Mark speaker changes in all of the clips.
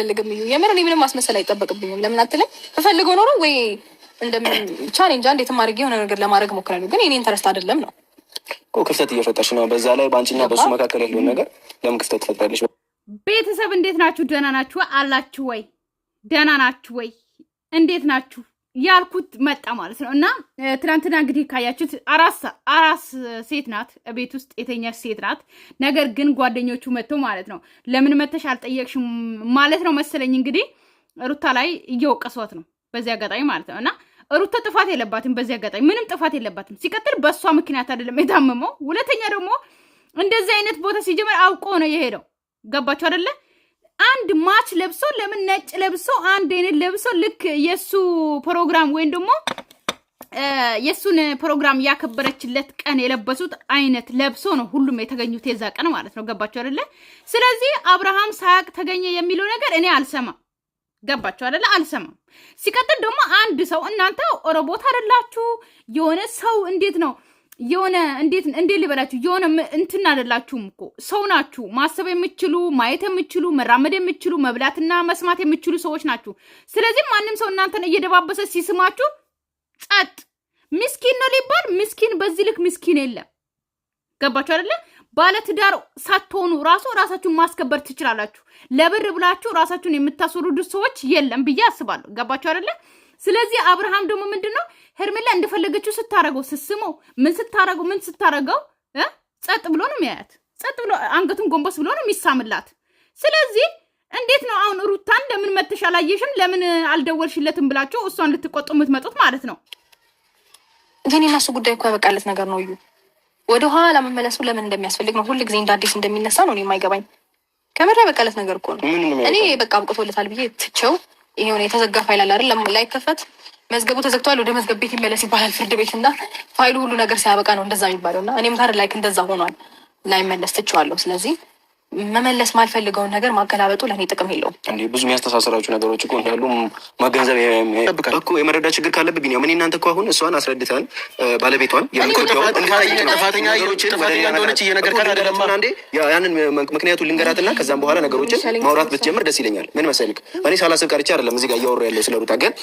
Speaker 1: አልፈልግም እዩ። የምር እኔ ምንም ማስመሰል አይጠበቅብኝም። ለምን አትለኝ እፈልገው ኖሮ ወይ እንደምን ቻሌንጅ እኔ እንጃ እንዴት ማድረግ የሆነ ነገር ለማድረግ ሞክራለሁ፣ ግን የኔ ኢንተረስት አይደለም ነው እኮ። ክፍተት እየፈጠርሽ ነው። በዛ ላይ በአንቺና በሱ መካከል ያለውን ነገር ለምን ክፍተት ትፈጥራለሽ? ቤተሰብ እንዴት ናችሁ? ደህና ናችሁ አላችሁ ወይ? ደህና ናችሁ ወይ? እንዴት ናችሁ? ያልኩት መጣ ማለት ነው። እና ትናንትና እንግዲህ ካያችሁት አራስ ሴት ናት፣ ቤት ውስጥ የተኛች ሴት ናት። ነገር ግን ጓደኞቹ መጥቶ ማለት ነው ለምን መተሽ አልጠየቅሽም ማለት ነው መሰለኝ እንግዲህ ሩታ ላይ እየወቀሷት ነው በዚህ አጋጣሚ ማለት ነው። እና ሩታ ጥፋት የለባትም በዚህ አጋጣሚ ምንም ጥፋት የለባትም። ሲቀጥል በእሷ ምክንያት አይደለም የታመመው። ሁለተኛ ደግሞ እንደዚህ አይነት ቦታ ሲጀመር አውቆ ነው የሄደው። ገባችሁ አደለ? አንድ ማች ለብሶ ለምን ነጭ ለብሶ አንድ አይነት ለብሶ ልክ የሱ ፕሮግራም ወይም ደግሞ የሱን ፕሮግራም ያከበረችለት ቀን የለበሱት አይነት ለብሶ ነው ሁሉም የተገኙት የዛ ቀን ማለት ነው። ገባችሁ አይደለ? ስለዚህ አብርሃም ሳያቅ ተገኘ የሚለው ነገር እኔ አልሰማም። ገባችሁ አይደለ? አልሰማም። ሲቀጥል ደግሞ አንድ ሰው እናንተ ኦሮቦት አደላችሁ የሆነ ሰው እንዴት ነው የሆነ እንዴት እንዴት ሊበላችሁ የሆነ እንትን አይደላችሁም እኮ ሰው ናችሁ። ማሰብ የምችሉ ማየት የምችሉ መራመድ የምችሉ መብላትና መስማት የምችሉ ሰዎች ናችሁ። ስለዚህ ማንም ሰው እናንተን እየደባበሰ ሲስማችሁ ጸጥ። ምስኪን ነው ሊባል ምስኪን በዚህ ልክ ምስኪን የለም። ገባችሁ አይደለ? ባለትዳር ሳትሆኑ ራሱ ራሳችሁን ማስከበር ትችላላችሁ። ለብር ብላችሁ ራሳችሁን የምታስወርዱ ሰዎች የለም ብዬ አስባለሁ። ገባችሁ አይደለ? ስለዚህ አብርሃም ደግሞ ምንድን ነው ሄርሜላ እንደፈለገችው ስታረገው ስስመው ምን ስታረገው ምን ስታረገው ጸጥ ብሎ ነው የሚያያት፣ ጸጥ ብሎ አንገቱን ጎንበስ ብሎ ነው የሚሳምላት። ስለዚህ እንዴት ነው አሁን ሩታን ለምን መተሽ አላየሽም ለምን አልደወልሽለትም ብላችሁ እሷን ልትቆጡ የምትመጡት ማለት ነው? ግን የእነሱ ጉዳይ እኮ ያበቃለት ነገር ነው። እዩ ኋላ መመለሱ ለምን እንደሚያስፈልግ ነው ሁል ጊዜ እንደ አዲስ እንደሚነሳ ነው የማይገባኝ። ከምር ያበቃለት ነገር እኮ ነው። እኔ በቃ አብቅቶለታል ብዬ ትቸው የሆነ የተዘጋ ፋይል አለ አይደል? ላይከፈት መዝገቡ ተዘግቷል ወደ መዝገብ ቤት ይመለስ ይባላል ፍርድ ቤት እና ፋይሉ ሁሉ ነገር ሲያበቃ ነው እንደዛ የሚባለው እና እኔም ታዲያ ላይክ እንደዛ ሆኗል፣ ላይመለስ ትችዋለሁ። ስለዚህ መመለስ ማልፈልገውን ነገር ማገላበጡ ለእኔ ጥቅም የለውም። እንዲህ ብዙ የሚያስተሳስራችሁ ነገሮች እኮ እንዳሉ መገንዘብ ይጠብቃል እኮ የመረዳ ችግር ካለብ ቢኒያም፣ እኔ እናንተ እኮ አሁን እሷን አስረድተን ባለቤቷን ጥፋተኛ እንደሆነች እየነገርካት ያንን ምክንያቱን ልንገራትና ከዛም በኋላ ነገሮችን ማውራት ብትጀምር ደስ ይለኛል። ምን መሰልክ፣ እኔ ሳላስብ ቀርቼ አይደለም እዚህ ጋር እያወሩ ያለው ስለ ሩታ። ግን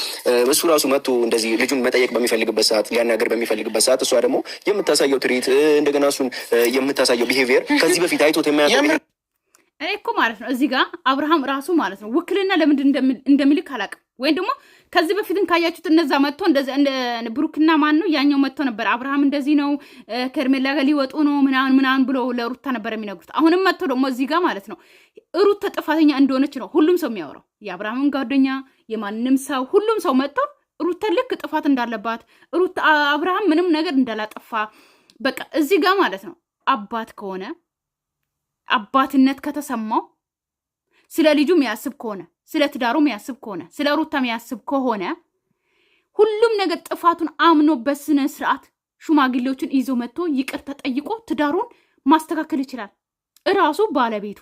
Speaker 1: እሱ ራሱ መጥቶ እንደዚህ ልጁን መጠየቅ በሚፈልግበት ሰዓት፣ ሊያናገር በሚፈልግበት ሰዓት እሷ ደግሞ የምታሳየው ትርኢት እንደገና እሱን የምታሳየው ቢሄቪየር ከዚህ በፊት አይቶት የማያ እኔ እኮ ማለት ነው እዚህ ጋር አብርሃም ራሱ ማለት ነው ውክልና ለምንድን እንደሚልክ አላውቅም። ወይም ደግሞ ከዚህ በፊትም ካያችሁት እነዛ መጥቶ ብሩክና ማን ነው ያኛው መጥቶ ነበር። አብርሃም እንደዚህ ነው ከርሜላ ጋር ሊወጡ ነው ምናምን ምናምን ብሎ ለሩታ ነበር የሚነግሩት። አሁንም መጥቶ ደግሞ እዚህ ጋር ማለት ነው ሩታ ጥፋተኛ እንደሆነች ነው ሁሉም ሰው የሚያወራው። የአብርሃምን ጓደኛ የማንም ሰው ሁሉም ሰው መጥቶ ሩታ ልክ ጥፋት እንዳለባት ሩታ አብርሃም ምንም ነገር እንዳላጠፋ በቃ እዚህ ጋር ማለት ነው አባት ከሆነ አባትነት ከተሰማው ስለ ልጁ የሚያስብ ከሆነ ስለ ትዳሩ የሚያስብ ከሆነ ስለ ሩታ የሚያስብ ከሆነ ሁሉም ነገር ጥፋቱን አምኖ በስነ ስርዓት ሽማግሌዎችን ይዞ መጥቶ ይቅር ተጠይቆ ትዳሩን ማስተካከል ይችላል። እራሱ ባለቤቱ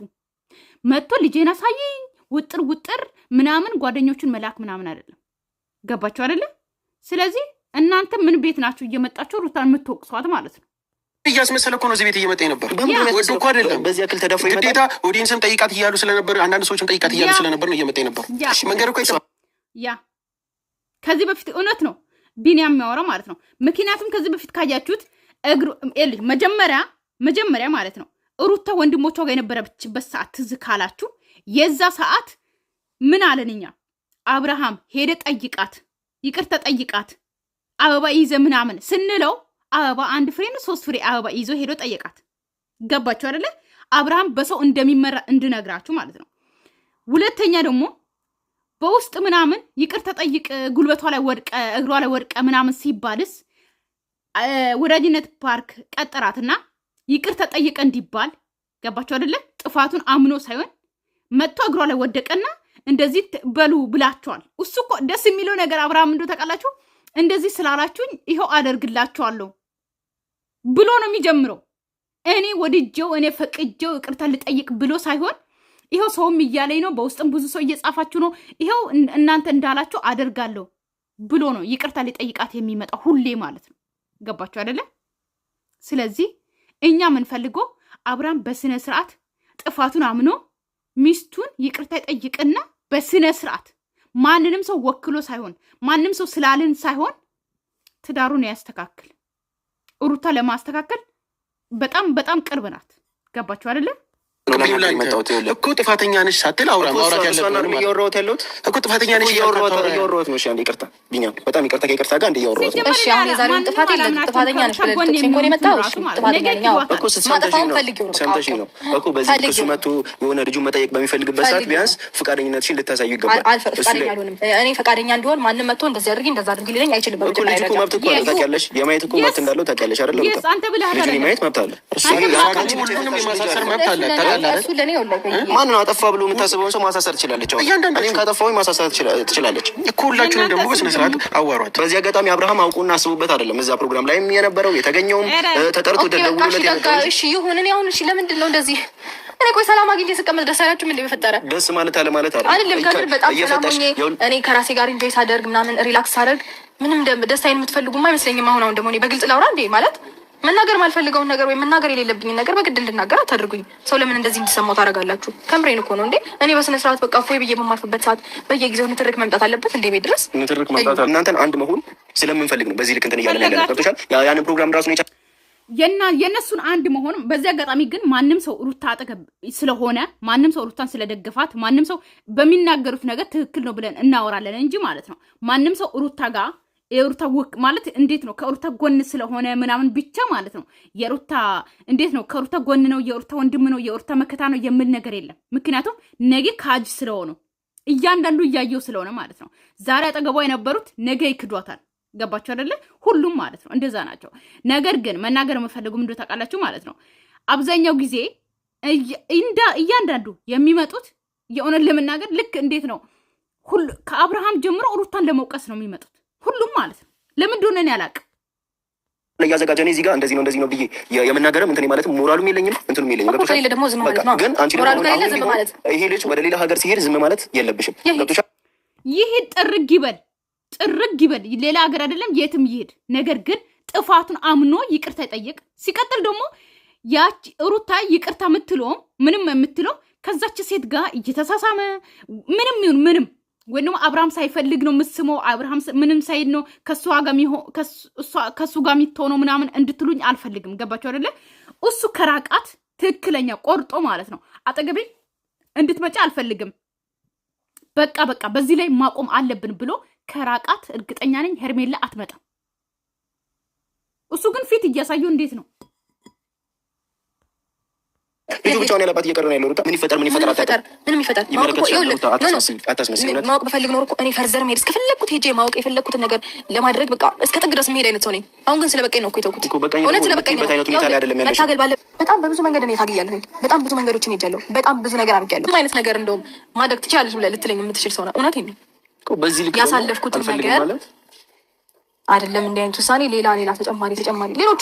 Speaker 1: መጥቶ ልጄን አሳየኝ ውጥር ውጥር ምናምን ጓደኞቹን መላክ ምናምን አይደለም። ገባችሁ አይደለም? ስለዚህ እናንተ ምን ቤት ናችሁ እየመጣችሁ ሩታን የምትወቅሷት ማለት ነው? እያስመሰለ እኮ ነው እዚህ ቤት እየመጣ ነበር። ወዶ እኮ አይደለም። በዚህ ያክል ተደፍሮ ግዴታ ኦዲየንስም ጠይቃት እያሉ ስለነበር፣ አንዳንድ ሰዎችም ጠይቃት እያሉ ስለነበር ነው እየመጣ ነበር። መንገድ እኮ ያ ከዚህ በፊት እውነት ነው ቢኒያም የሚያወራው ማለት ነው። ምክንያቱም ከዚህ በፊት ካያችሁት እግሩ ልጅ መጀመሪያ መጀመሪያ ማለት ነው ሩታ ወንድሞቿ ጋር የነበረችበት ሰዓት ትዝ ካላችሁ የዛ ሰዓት ምን አለን እኛ አብርሃም ሄደ ጠይቃት፣ ይቅርታ ጠይቃት፣ አበባ ይዘ ምናምን ስንለው አበባ አንድ ፍሬ ነው ሶስት ፍሬ አበባ ይዞ ሄዶ ጠየቃት። ገባችሁ አደለ? አብርሃም በሰው እንደሚመራ እንድነግራችሁ ማለት ነው። ሁለተኛ ደግሞ በውስጥ ምናምን ይቅር ተጠይቅ ጉልበቷ ላይ ወድቀ እግሯ ላይ ወድቀ ምናምን ሲባልስ ወዳጅነት ፓርክ ቀጠራትና ይቅር ተጠይቀ እንዲባል ገባቸው አደለ? ጥፋቱን አምኖ ሳይሆን መጥቶ እግሯ ላይ ወደቀና እንደዚህ በሉ ብላቸዋል። እሱ እኮ ደስ የሚለው ነገር አብርሃም እንዶ ታውቃላችሁ እንደዚህ ስላላችሁኝ ይኸው አደርግላችኋለሁ ብሎ ነው የሚጀምረው። እኔ ወድጀው እኔ ፈቅጀው ይቅርታ ልጠይቅ ብሎ ሳይሆን ይኸው ሰውም እያለኝ ነው፣ በውስጥም ብዙ ሰው እየጻፋችሁ ነው፣ ይኸው እናንተ እንዳላችሁ አደርጋለሁ ብሎ ነው ይቅርታ ሊጠይቃት የሚመጣ ሁሌ ማለት ነው። ገባችሁ አደለ? ስለዚህ እኛ የምንፈልገው አብርሃም በስነ ስርዓት ጥፋቱን አምኖ ሚስቱን ይቅርታ ይጠይቅና በስነ ስርዓት ማንንም ሰው ወክሎ ሳይሆን ማንም ሰው ስላልን ሳይሆን ትዳሩን ያስተካክል። ሩታ ለማስተካከል በጣም በጣም ቅርብ ናት። ገባችሁ አይደለም? እኮ ጥፋተኛ ነሽ ሳትል አውራ ማውራት ያለብህ እያወራሁት ያለሁት እኮ ጥፋተኛ ነሽ እያወራሁት ነው። አንዴ ይቅርታ ቢኛም በጣም ይቅርታ፣ ከይቅርታ ጋር እያወራሁት ነው። እሺ አሁን የዛሬውን ጥፋት የለም ጥፋተኛ ነሽ ብለህ እሺ ጥፋተኛ ነው ነው እኮ በዚህ ክሱ መቶ የሆነ ልጁ መጠየቅ በሚፈልግበት ሰዓት ቢያንስ ፈቃደኝነትሽን ልታሳዩ ይገባል። ፈቃደኛ አልሆንም እኔ ፈቃደኛ እንዲሆን ማንም መጥቶ እንደዚህ አድርጊ እንደዛ አድርጊ ሊለኝ አይችልም። እኮ ልጅ እኮ መብት እኮ ታውቂያለሽ፣ የማየት እኮ መብት እንዳለው ታውቂያለሽ ልጁን የማየት መብት አለ እሱ ሁሉንም የማሳሰር መብት አለ ታውቃለህ ማንን አጠፋ ብሎ የምታስበውን ሰው ማሳሰር ትችላለች። እኔም ካጠፋ ማሳሰር ትችላለች እኮ። ሁላችሁንም ደግሞ በስነ ስርዓት አዋሯት። በዚህ አጋጣሚ አብርሃም አውቁና አስቡበት አይደለም እዛ ፕሮግራም ላይም የነበረው የተገኘውም ተጠርቶ ደውሎለት ይሁን እኔ አሁን ለምንድን ነው እንደዚህ እኔ ቆይ ሰላም አግኝቼ ስቀመጥ ደስ አላችሁም? እንደ በፈጠረ ደስ ማለት አለ ማለት አለ አይደለም። ከምር በጣም ሰላም ሆኜ እኔ ከራሴ ጋር ኢንጆይ ሳደርግ ምናምን ሪላክስ አደርግ ምንም ደስታዬን የምትፈልጉማ አይመስለኝም። አሁን አሁን ደግሞ እኔ በግልጽ ላውራ እንዴ ማለት መናገር ማልፈልገውን ነገር ወይም መናገር የሌለብኝን ነገር በግድ እንድናገር አታድርጉኝ። ሰው ለምን እንደዚህ እንዲሰማው ታደርጋላችሁ? ከምሬን እኮ ነው እንዴ። እኔ በስነ ስርዓት በቃ ፎይ ብዬ በማርፍበት ሰዓት በየጊዜው ንትርክ መምጣት አለበት እንዴ? ቤት ድረስ ንትርክ መምጣት አለ። እናንተን አንድ መሆን ስለምንፈልግ ነው። በዚህ ልክ እንትን እያለ ያለ ገብቶሻል። ያንን ፕሮግራም ራሱ ነው የና የእነሱን አንድ መሆንም በዚህ አጋጣሚ ግን ማንም ሰው ሩታ አጠገብ ስለሆነ ማንም ሰው ሩታን ስለደገፋት ማንም ሰው በሚናገሩት ነገር ትክክል ነው ብለን እናወራለን እንጂ ማለት ነው ማንም ሰው ሩታ ጋር የሩታ ማለት እንዴት ነው ከሩታ ጎን ስለሆነ ምናምን ብቻ ማለት ነው። የሩታ እንዴት ነው ከሩታ ጎን ነው፣ የሩታ ወንድም ነው፣ የሩታ መከታ ነው የሚል ነገር የለም። ምክንያቱም ነገ ካጅ ስለሆኑ እያንዳንዱ እያየው ስለሆነ ማለት ነው። ዛሬ አጠገቧ የነበሩት ነገ ይክዷታል። ገባችሁ አይደለ? ሁሉም ማለት ነው እንደዛ ናቸው። ነገር ግን መናገር የምፈልጉ ምንድ ታውቃላችሁ ማለት ነው አብዛኛው ጊዜ እያንዳንዱ የሚመጡት የእውነት ለመናገር ልክ እንዴት ነው ከአብርሃም ጀምሮ ሩታን ለመውቀስ ነው የሚመጡት ሁሉም ማለት ነው። ለምን እንደሆነ እኔ አላቅም። እያዘጋጀ እኔ እዚህ ጋር እንደዚህ ነው እንደዚህ ነው ብዬ የምናገረም እንትን ማለት ሞራሉም የለኝም እንትኑም የለኝም። ዝም ማለት ነው። ግን አንቺ ሞራሉ ዝም ማለት ይሄ ልጅ ወደ ሌላ ሀገር ሲሄድ ዝም ማለት የለብሽም። ገብቶሻል? ይሄድ ጥርግ ይበል ጥርግ ይበል። ሌላ ሀገር አይደለም የትም ይሄድ። ነገር ግን ጥፋቱን አምኖ ይቅርታ ይጠይቅ። ሲቀጥል ደግሞ ያቺ ሩታ ይቅርታ የምትለውም ምንም የምትለው ከዛች ሴት ጋር እየተሳሳመ ምንም ይሁን ምንም ወይ ደግሞ አብርሃም ሳይፈልግ ነው የምስመው፣ አብርሃም ምንም ሳይድ ነው ከሱ ጋር የሚትሆነው ምናምን እንድትሉኝ አልፈልግም። ገባችሁ አይደለ? እሱ ከራቃት ትክክለኛ ቆርጦ ማለት ነው አጠገቤ እንድትመጪ አልፈልግም፣ በቃ በቃ በዚህ ላይ ማቆም አለብን ብሎ ከራቃት እርግጠኛ ነኝ ሄርሜላ አትመጣም። እሱ ግን ፊት እያሳየው እንዴት ነው ልጁ ብቻውን ያለባት እየቀረ ነው ያለው። ምን ይፈጠር ምን ይፈጠር አታውቅም። ምንም ይፈጠር ማወቅ በፈልግ ኖሮ እኔ ፈርዘር መሄድ እስከፈለግኩት ሄጄ ማወቅ የፈለግኩትን ነገር ለማድረግ በቃ እስከ ጥግ ድረስ መሄድ አይነት ሰው ነኝ። አሁን ግን ስለበቀኝ ነው እኮ የተውኩት። እውነት ስለበቀኝ ነው። መታገል ባለ በጣም በብዙ መንገድ እኔ ታግያለሁ። በጣም ብዙ መንገዶችን ሄጃለሁ። በጣም ብዙ ነገር አድርጊያለሁ። ምን አይነት ነገር እንደውም ማድረግ ትችላለች ብለህ ልትለኝ የምትችል ሰው ነው። እውነት ነው ያሳለፍኩትን ነገር አይደለም። እንዲህ አይነት ውሳኔ ሌላ ሌላ ተጨማሪ ተጨማሪ ሌሎቹ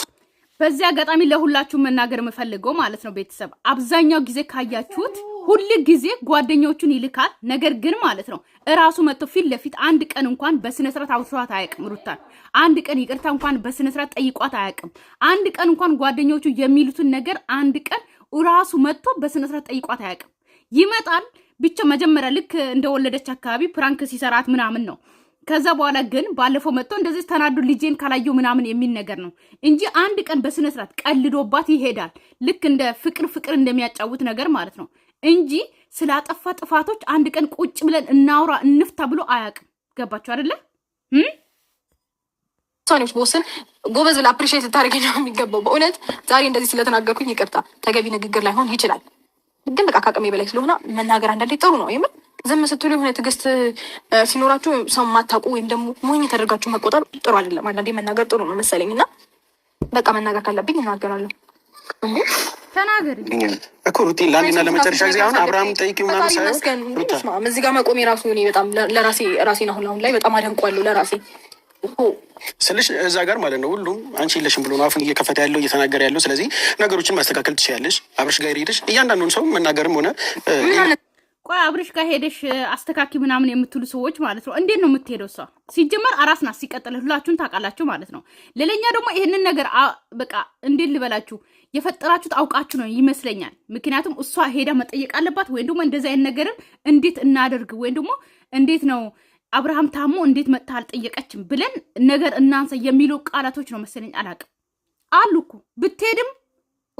Speaker 1: በዚህ አጋጣሚ ለሁላችሁ መናገር የምፈልገው ማለት ነው ቤተሰብ አብዛኛው ጊዜ ካያችሁት ሁል ጊዜ ጓደኞቹን ይልካል። ነገር ግን ማለት ነው እራሱ መጥቶ ፊት ለፊት አንድ ቀን እንኳን በስነ ስርዓት አውርቷት አያውቅም። ሩታን አንድ ቀን ይቅርታ እንኳን በስነ ጠይቋት አያውቅም። አንድ ቀን እንኳን ጓደኞቹ የሚሉትን ነገር አንድ ቀን እራሱ መጥቶ በስነ ጠይቋት አያውቅም። ይመጣል ብቻ መጀመሪያ ልክ እንደወለደች አካባቢ ፕራንክ ሲሰራት ምናምን ነው ከዛ በኋላ ግን ባለፈው መጥቶ እንደዚህ ተናዱ ልጄን ካላዩ ምናምን የሚል ነገር ነው እንጂ አንድ ቀን በስነ ስርዓት ቀልዶባት ይሄዳል። ልክ እንደ ፍቅር ፍቅር እንደሚያጫውት ነገር ማለት ነው እንጂ ስላጠፋ ጥፋቶች አንድ ቀን ቁጭ ብለን እናውራ እንፍታ ብሎ አያውቅም። ገባችሁ አይደለ? ሰዎች ቦስን ጎበዝ ብላ አፕሪሺየት ታደርጊ ነው የሚገባው። በእውነት ዛሬ እንደዚህ ስለተናገርኩኝ ይቅርታ። ተገቢ ንግግር ላይሆን ይችላል፣ ግን በቃ ከአቅሜ በላይ ስለሆነ መናገር አንዳንዴ ጥሩ ነው የምል ዝም ስትሉ የሆነ ትዕግስት ሲኖራችሁ ሰው ማታውቁ ወይም ደግሞ ሞኝ ተደርጋችሁ መቆጠር ጥሩ አይደለም። አንዳንዴ መናገር ጥሩ ነው መሰለኝ እና በቃ መናገር ካለብኝ እናገራለሁ። ተናገሪ እኮ ሩቲ ለአንድና ለመጨረሻ ጊዜ አሁን አብርሃም ጠይቅ ምናምን ሳይሆን እዚህ ጋር መቆሜ ራሱ ሆኔ በጣም ለራሴ ራሴን አሁን አሁን ላይ በጣም አደንቋለሁ ለራሴ ስልሽ እዛ ጋር ማለት ነው ሁሉም አንቺ የለሽም ብሎ አፉን እየከፈተ ያለው እየተናገረ ያለው ስለዚህ ነገሮችን ማስተካከል ትችያለሽ። አብረሽ ጋር ሄደሽ እያንዳንዱን ሰው መናገርም ሆነ ቆይ አብርሽ ጋር ሄደሽ አስተካኪ ምናምን የምትሉ ሰዎች ማለት ነው። እንዴት ነው የምትሄደው? እሷ ሲጀመር አራስ ናት፣ ሲቀጥል ሁላችሁን ታውቃላችሁ ማለት ነው። ሌላኛ ደግሞ ይህንን ነገር በቃ እንዴት ልበላችሁ የፈጠራችሁት አውቃችሁ ነው ይመስለኛል። ምክንያቱም እሷ ሄዳ መጠየቅ አለባት፣ ወይም ደግሞ እንደዚ አይነት ነገርም እንዴት እናደርግ ወይም ደግሞ እንዴት ነው አብርሃም ታሞ እንዴት መጥታ አልጠየቀችም ብለን ነገር እናንሳ የሚሉ ቃላቶች ነው መሰለኝ። አላቅም አሉ እኮ ብትሄድም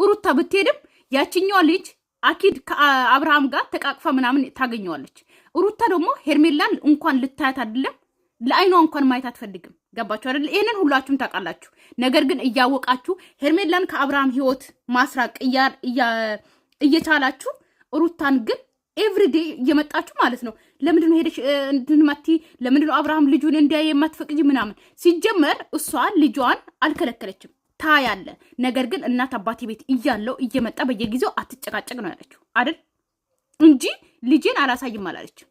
Speaker 1: ሩታ ብትሄድም ያችኛዋ ልጅ አኪድ ከአብርሃም ጋር ተቃቅፋ ምናምን ታገኘዋለች። ሩታ ደግሞ ሄርሜላን እንኳን ልታያት አይደለም ለአይኗ እንኳን ማየት አትፈልግም። ገባችሁ አይደለ? ይህንን ሁላችሁም ታውቃላችሁ። ነገር ግን እያወቃችሁ ሄርሜላን ከአብርሃም ህይወት ማስራቅ እየቻላችሁ ሩታን ግን ኤቭሪዴ እየመጣችሁ ማለት ነው። ለምንድን ነው ሄደሽ እንድንመቲ? ለምንድን ነው አብርሃም ልጁን እንዲያ የማትፈቅጂ ምናምን? ሲጀመር እሷ ልጇን አልከለከለችም። ታያለ። ነገር ግን እናት አባቴ ቤት እያለው እየመጣ በየጊዜው አትጨቃጨቅ ነው ያለችው አይደል? እንጂ ልጄን አላሳይም አላለችም።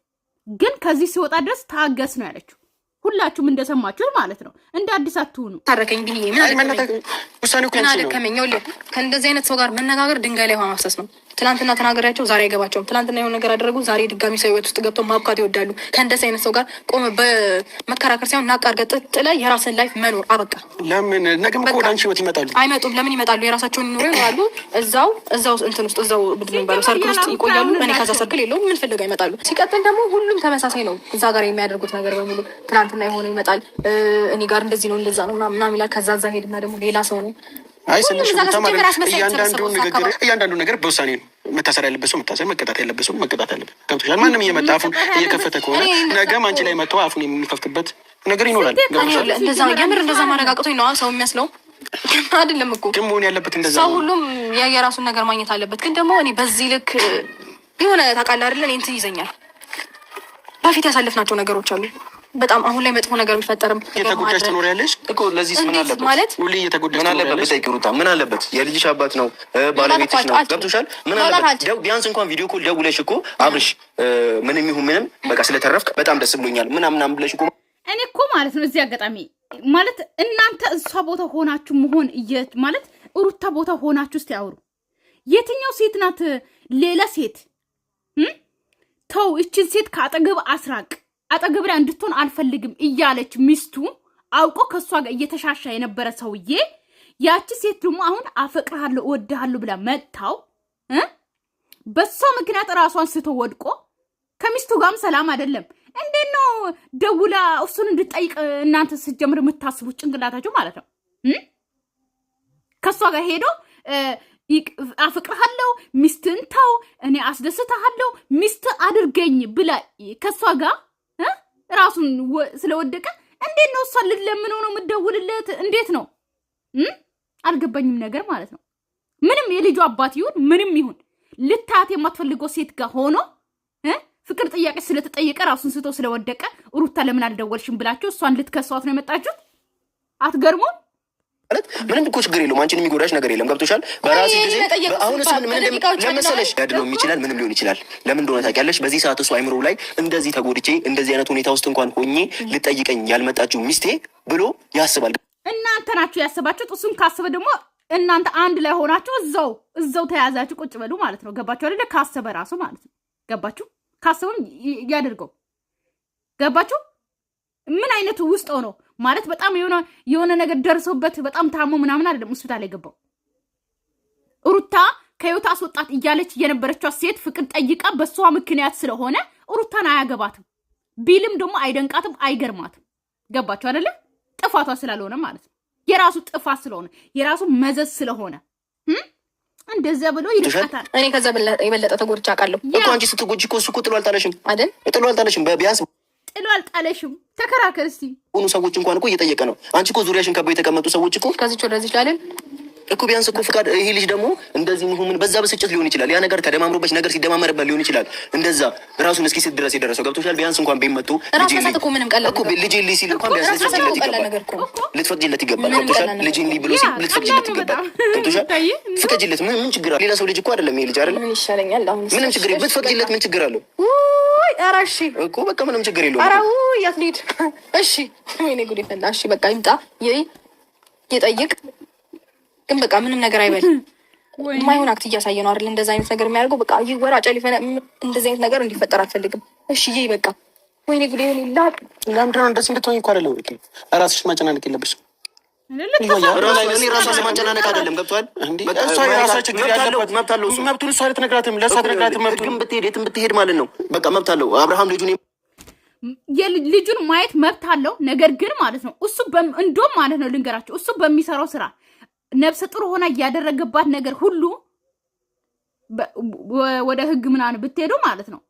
Speaker 1: ግን ከዚህ ሲወጣ ድረስ ታገስ ነው ያለችው። ሁላችሁም እንደሰማችሁን ማለት ነው። እንደ አዲስ አትሆኑ። ታረከኝ ግን ምን አደከመኝ። ከእንደዚህ አይነት ሰው ጋር መነጋገር ድንጋይ ላይ ውሃ ማፍሰስ ነው። ትናንትና ተናገሪያቸው ዛሬ አይገባቸውም። ትናንትና የሆነ ነገር አደረጉ ዛሬ ድጋሚ ሰው ህይወት ውስጥ ገብተው ማብካት ይወዳሉ። ከእንደስ አይነት ሰው ጋር ቆመ በመከራከር ሳይሆን ናቃርገ ጥጥለ የራስን ላይፍ መኖር አበቃ። ለምን ነገም እኮ ወደ አንቺ ህይወት ይመጣሉ? አይመጡም። ለምን ይመጣሉ? የራሳቸውን ኑሮ ይኖራሉ። እዛው እዛው እንትን ውስጥ እዛው ምንድን ነው የሚባለው ሰርክል ውስጥ ይቆያሉ። እኔ ከዛ ሰርክል የለውም ምን ፈልጋ ይመጣሉ። ሲቀጥል ደግሞ ሁሉም ተመሳሳይ ነው። እዛ ጋር የሚያደርጉት ነገር በሙሉ ትናንትና የሆነ ይመጣል። እኔ ጋር እንደዚህ ነው እንደዛ ነው ምናምን ይላል። ከዛ እዛ ሄድና ደግሞ ሌላ ሰው ነው አይ ስንሽ እያንዳንዱ ነገር በውሳኔ ነው መታሰር ያለበት ሰው መታሰር፣ መቀጣት ያለበት ሰው መቀጣት ያለበት። ገብቶሻል? ማንም እየመጣ አፉን እየከፈተ ከሆነ ነገም አንቺ ላይ መጥቶ አፉን የሚከፍትበት ነገር ይኖራል። የምር እንደዛ ማረጋገጦኝ ነው ሰው የሚያስለው አይደለም እኮ ግን መሆን ያለበት እንደዛ። ሰው ሁሉም የየራሱን ነገር ማግኘት አለበት። ግን ደግሞ እኔ በዚህ ልክ የሆነ ታውቃለህ አይደለ እንትን ይዘኛል። በፊት ያሳለፍናቸው ነገሮች አሉ በጣም አሁን ላይ መጥፎ ነገር የሚፈጠርም የተጎዳሽ ትኖሪያለሽ እኮ ለዚህ ምን አለበት ማለት ሁሌ እየተጎዳሽ ምን አለበት ብጠይቅ ሩታ ምን አለበት የልጅሽ አባት ነው ባለቤትሽ ነው ገብቶሻል ምን አለበት ቢያንስ እንኳን ቪዲዮ ኮል ደውለሽ እኮ አብርሽ ምንም ይሁን ምንም በቃ ስለተረፍክ በጣም ደስ ብሎኛል ምናምናም ብለሽ እኮ እኔ እኮ ማለት ነው እዚህ አጋጣሚ ማለት እናንተ እሷ ቦታ ሆናችሁ መሆን ማለት ሩታ ቦታ ሆናችሁ እስቲ አውሩ የትኛው ሴት ናት ሌላ ሴት ተው እችን ሴት ከአጠገብ አስራቅ አጠገብ ላይ እንድትሆን አልፈልግም እያለች ሚስቱ አውቆ ከእሷ ጋር እየተሻሻ የነበረ ሰውዬ ያቺ ሴት ደግሞ አሁን አፈቅርሃለሁ እወድሃለሁ ብላ መጥታው በሷ ምክንያት ራሷን ስቶ ወድቆ ከሚስቱ ጋርም ሰላም አይደለም። እንዴት ነው ደውላ እሱን እንድጠይቅ እናንተ ስትጀምር የምታስቡት ጭንቅላታችሁ ማለት ነው። ከእሷ ጋር ሄዶ አፍቅርሃለሁ፣ ሚስትህን ተው፣ እኔ አስደስትሃለሁ፣ ሚስት አድርገኝ ብላ ከእሷ ጋር ራሱን ስለወደቀ እንዴት ነው እሷን ልትለምነው ነው የምደውልለት? እንዴት ነው አልገባኝም ነገር ማለት ነው። ምንም የልጁ አባት ይሁን ምንም ይሁን ልታት የማትፈልገው ሴት ጋር ሆኖ ፍቅር ጥያቄ ስለተጠየቀ ራሱን ስቶ ስለወደቀ ሩታ ለምን አልደወልሽም ብላችሁ እሷን ልትከሷት ነው የመጣችሁት? አትገርሙም? ማለት ምንም እኮ ችግር የለውም። አንቺን የሚጎዳሽ ነገር የለም። ገብቶሻል። በራሱ ጊዜ አሁን እሱን ምን እንደመሰለሽ ያድነው ይችላል፣ ምንም ሊሆን ይችላል። ለምን እንደሆነ ታውቂያለሽ። በዚህ ሰዓት እሱ አይምሮ ላይ እንደዚህ ተጎድቼ እንደዚህ አይነት ሁኔታ ውስጥ እንኳን ሆኜ ልጠይቀኝ ያልመጣችው ሚስቴ ብሎ ያስባል። እናንተ ናችሁ ያስባችሁት። እሱም ካስበ ደግሞ እናንተ አንድ ላይ ሆናችሁ እዛው እዛው ተያዛችሁ ቁጭ በሉ ማለት ነው። ገባችሁ አይደለ? ካሰበ ራሱ ማለት ነው። ገባችሁ? ካሰበም ያደርገው ገባችሁ? ምን አይነቱ ውስጥ ሆነው ማለት በጣም የሆነ ነገር ደርሶበት በጣም ታሞ ምናምን አይደለም ሆስፒታል የገባው። ሩታ ከህይወት አስወጣት እያለች የነበረችው ሴት ፍቅር ጠይቃ በእሷ ምክንያት ስለሆነ ሩታን አያገባትም ቢልም ደግሞ አይደንቃትም፣ አይገርማትም። ገባችሁ አደለ ጥፋቷ ስላልሆነ ማለት ነው። የራሱ ጥፋት ስለሆነ የራሱ መዘዝ ስለሆነ እንደዚያ ብሎ ይልቃታል። እኔ ከዛ የበለጠ ተጎድቼ አውቃለሁ እኮ አንቺ ስትጎጂ እኮ እሱ እኮ ጥሎ አልጣለሽም አይደል? ጥሎ አልጣለሽም ቢያንስ ጥሎ አልጣለሽም። ተከራከር እስቲ። ሆኑ ሰዎች እንኳን እኮ እየጠየቀ ነው። አንቺ እኮ ዙሪያሽን ከበው የተቀመጡ ሰዎች እኮ ከዚች ወደዚች ላለን እኮ ቢያንስ እኮ ፍቃድ ይሄ ልጅ ደግሞ እንደዚህ ምሁምን በዛ ብስጭት ሊሆን ይችላል። ያ ነገር ተደማምሮበት ነገር ሲደማመርበት ሊሆን ይችላል። እንደዛ ራሱን እስኪ ስት ድረስ የደረሰው ገብቶሻል። ቢያንስ እንኳን ቢመጡ መጥቶ ልጅ ሊ ሲል እንኳን ልትፈቅጂለት ይገባል። ልትፈቅጂለት ገብቶሻል። ልጅ ሊ ብሎ ሲል ልትፈቅጂለት ይገባል። ገብቶሻል። ፍቀጂለት። ምን ችግር አለ? ሌላ ሰው ልጅ እኮ አይደለም ይሄ ልጅ አይደለም። ምንም ችግር ብትፈቅጂለት ምን ችግር አለው? ኧረ እኮ በቃ ምንም ችግር የለውም። ኧረ የት ልሂድ? እሺ ወይኔ ጉዴ ፈላ። እሺ በቃ ይምጣ ይጠይቅ ግን በቃ ምንም ነገር አይበል ማይሆን አክት እያሳየ ነው አይደል? እንደዚ አይነት ነገር የሚያደርገው በቃ ይህ ወራ ጨ እንደዚ አይነት ነገር እንዲፈጠር አልፈልግም። እሺ ይህ በቃ ወይኔ ጉዴ ሆን ላ ለምንድን ነው እንደዚህ እንድትሆኝ እኮ አይደለም። ራስሽ ማጨናነቅ የለብሽም። ልጁን ማየት መብት አለው። ነገር ግን ማለት ነው እሱ እንዶም ማለት ነው ልንገራቸው እሱ በሚሰራው ስራ ነፍሰ ጡር ሆና እያደረገባት ነገር ሁሉ ወደ ህግ ምናምን ብትሄዱ ማለት ነው።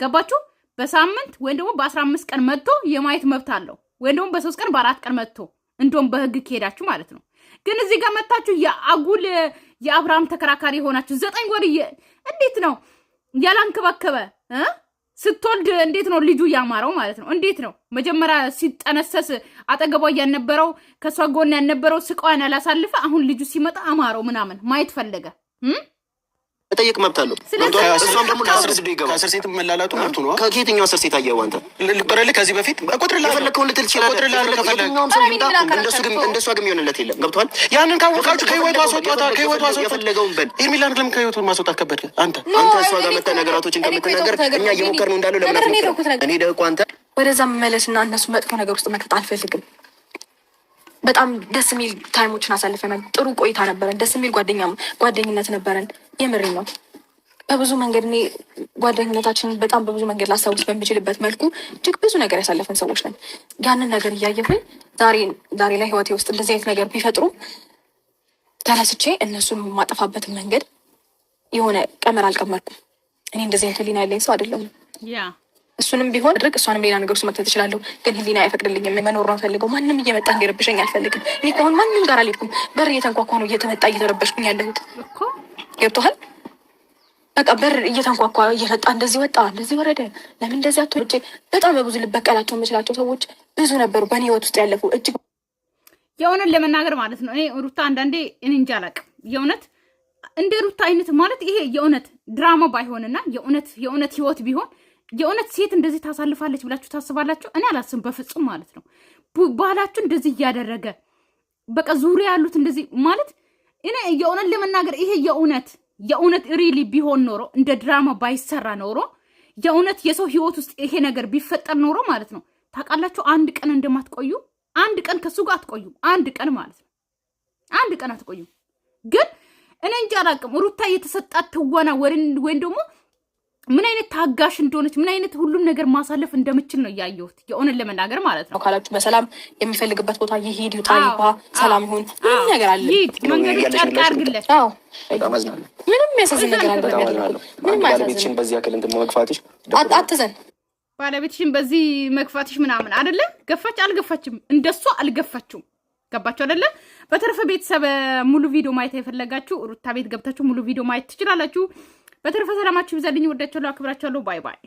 Speaker 1: ገባችሁ? በሳምንት ወይም ደግሞ በአስራ አምስት ቀን መጥቶ የማየት መብት አለው ወይም ደግሞ በሶስት ቀን በአራት ቀን መጥቶ እንደውም በህግ ከሄዳችሁ ማለት ነው። ግን እዚህ ጋር መታችሁ የአጉል የአብርሃም ተከራካሪ የሆናችሁ ዘጠኝ ወር እንዴት ነው ያላንከባከበ ስትወልድ እንዴት ነው ልጁ ያማረው ማለት ነው? እንዴት ነው መጀመሪያ ሲጠነሰስ አጠገቧ ያልነበረው ከእሷ ጎን ያልነበረው ስቃዋን ያላሳልፈ አሁን ልጁ ሲመጣ አማረው ምናምን ማየት ፈለገ። መጠየቅ መብት አለው። እሷም ደግሞ ለአስር ሴት ይገባል። ከአስር ሴት መላላቱ መብቱ ነው። ከየትኛው አስር ሴት አየኸው አንተ? ልበረልህ ከዚህ በፊት እቆጥርልሃለሁ። የፈለግከውን ልትል ትችላለህ። እንደሷ ግን የሚሆንለት የለም። ገብቶሃል? ያንን ካወቃችሁ ከህይወቱ አስወጧታ፣ ከህይወቱ አስወጧት። የፈለገውን በል። ሄርሜላን ለምን ከህይወቱ ማስወጣት ከበድክ? አንተ አንተ እሷ ጋር መተህ ነገራቶችን ከምትነገር እኛ እየሞከር ነው እንዳለው ለምን አትሞክርም? እኔ ደግሞ አንተ ወደዛ መመለስ እና እነሱ መጥፎ ነገር ውስጥ መክተት አልፈልግም። በጣም ደስ የሚል ታይሞችን አሳልፈናል። ጥሩ ቆይታ ነበረን። ደስ የሚል ጓደኛ ጓደኝነት ነበረን። የምሬ ነው። በብዙ መንገድ እኔ ጓደኝነታችን በጣም በብዙ መንገድ ላስታውስ በሚችልበት መልኩ እጅግ ብዙ ነገር ያሳለፍን ሰዎች ነን። ያንን ነገር እያየፍን ዛሬ ዛሬ ላይ ህይወቴ ውስጥ እንደዚህ አይነት ነገር ቢፈጥሩ ተረስቼ እነሱን የማጠፋበትን መንገድ የሆነ ቀመር አልቀመርኩም። እኔ እንደዚህ አይነት ህሊና ያለኝ ሰው አይደለሁም። እሱንም ቢሆን ድርቅ እሷንም ሌላ ነገር ውስጥ መክተት እችላለሁ፣ ግን ህሊና አይፈቅድልኝም። መኖር ነው ፈልገው ማንም እየመጣ እንዲረብሸኝ አልፈልግም። እኔ ከሆን ማንም ጋር አልሄድኩም። በር እየተንኳኳ ነው እየተመጣ እየተረበሽኩኝ ያለሁት ገብቶሃል? በቃ በር እየተንኳኳ እየፈጣ እንደዚህ ወጣ እንደዚህ ወረደ። ለምን እንደዚህ አቶ በጣም በብዙ ልበቀላቸው የምችላቸው ሰዎች ብዙ ነበሩ በእኔ ህይወት ውስጥ ያለፉ እጅግ የእውነት ለመናገር ማለት ነው። እኔ ሩታ አንዳንዴ እንንጅ እንጃ አላቅም። የእውነት እንደ ሩታ አይነት ማለት ይሄ የእውነት ድራማ ባይሆንና የእውነት የእውነት ህይወት ቢሆን የእውነት ሴት እንደዚህ ታሳልፋለች ብላችሁ ታስባላችሁ? እኔ አላስብም በፍጹም ማለት ነው። ባህላችሁ እንደዚህ እያደረገ በቃ ዙሪያ ያሉት እንደዚህ ማለት እኔ የእውነት ለመናገር ይሄ የእውነት የእውነት ሪሊ ቢሆን ኖሮ እንደ ድራማ ባይሰራ ኖሮ የእውነት የሰው ህይወት ውስጥ ይሄ ነገር ቢፈጠር ኖሮ ማለት ነው ታውቃላችሁ፣ አንድ ቀን እንደማትቆዩ አንድ ቀን ከሱ ጋር አትቆዩም። አንድ ቀን ማለት ነው አንድ ቀን አትቆዩም። ግን እኔ እንጃ አላቅም ሩታ የተሰጣት ትወና ወይም ደግሞ ምን አይነት ታጋሽ እንደሆነች ምን አይነት ሁሉም ነገር ማሳለፍ እንደምችል ነው እያየሁት፣ የሆነን ለመናገር ማለት ነው። ካላችሁ በሰላም የሚፈልግበት ቦታ ይሄድ፣ ይውጣ፣ ይግባ፣ ሰላም ይሁን፣ ምንም ነገር አለ። ሂድ መንገዱ ጨርቅ አድርግለት። ምንም ያሳዝን ነገር አለ። ባለቤትሽን በዚህ ያክል እንትን መግፋትሽ አትዘን፣ ባለቤትሽን በዚህ መግፋትሽ ምናምን አደለ። ገፋች አልገፋችም፣ እንደሷ አልገፋችም። ገባችሁ አደለ? በተረፈ ቤተሰብ ሙሉ ቪዲዮ ማየት የፈለጋችሁ ሩታ ቤት ገብታችሁ ሙሉ ቪዲዮ ማየት ትችላላችሁ። በተረፈ ሰላማችሁ ይብዛልኝ። ወዳችኋለሁ፣ አክብራችኋለሁ። ባይ ባይ።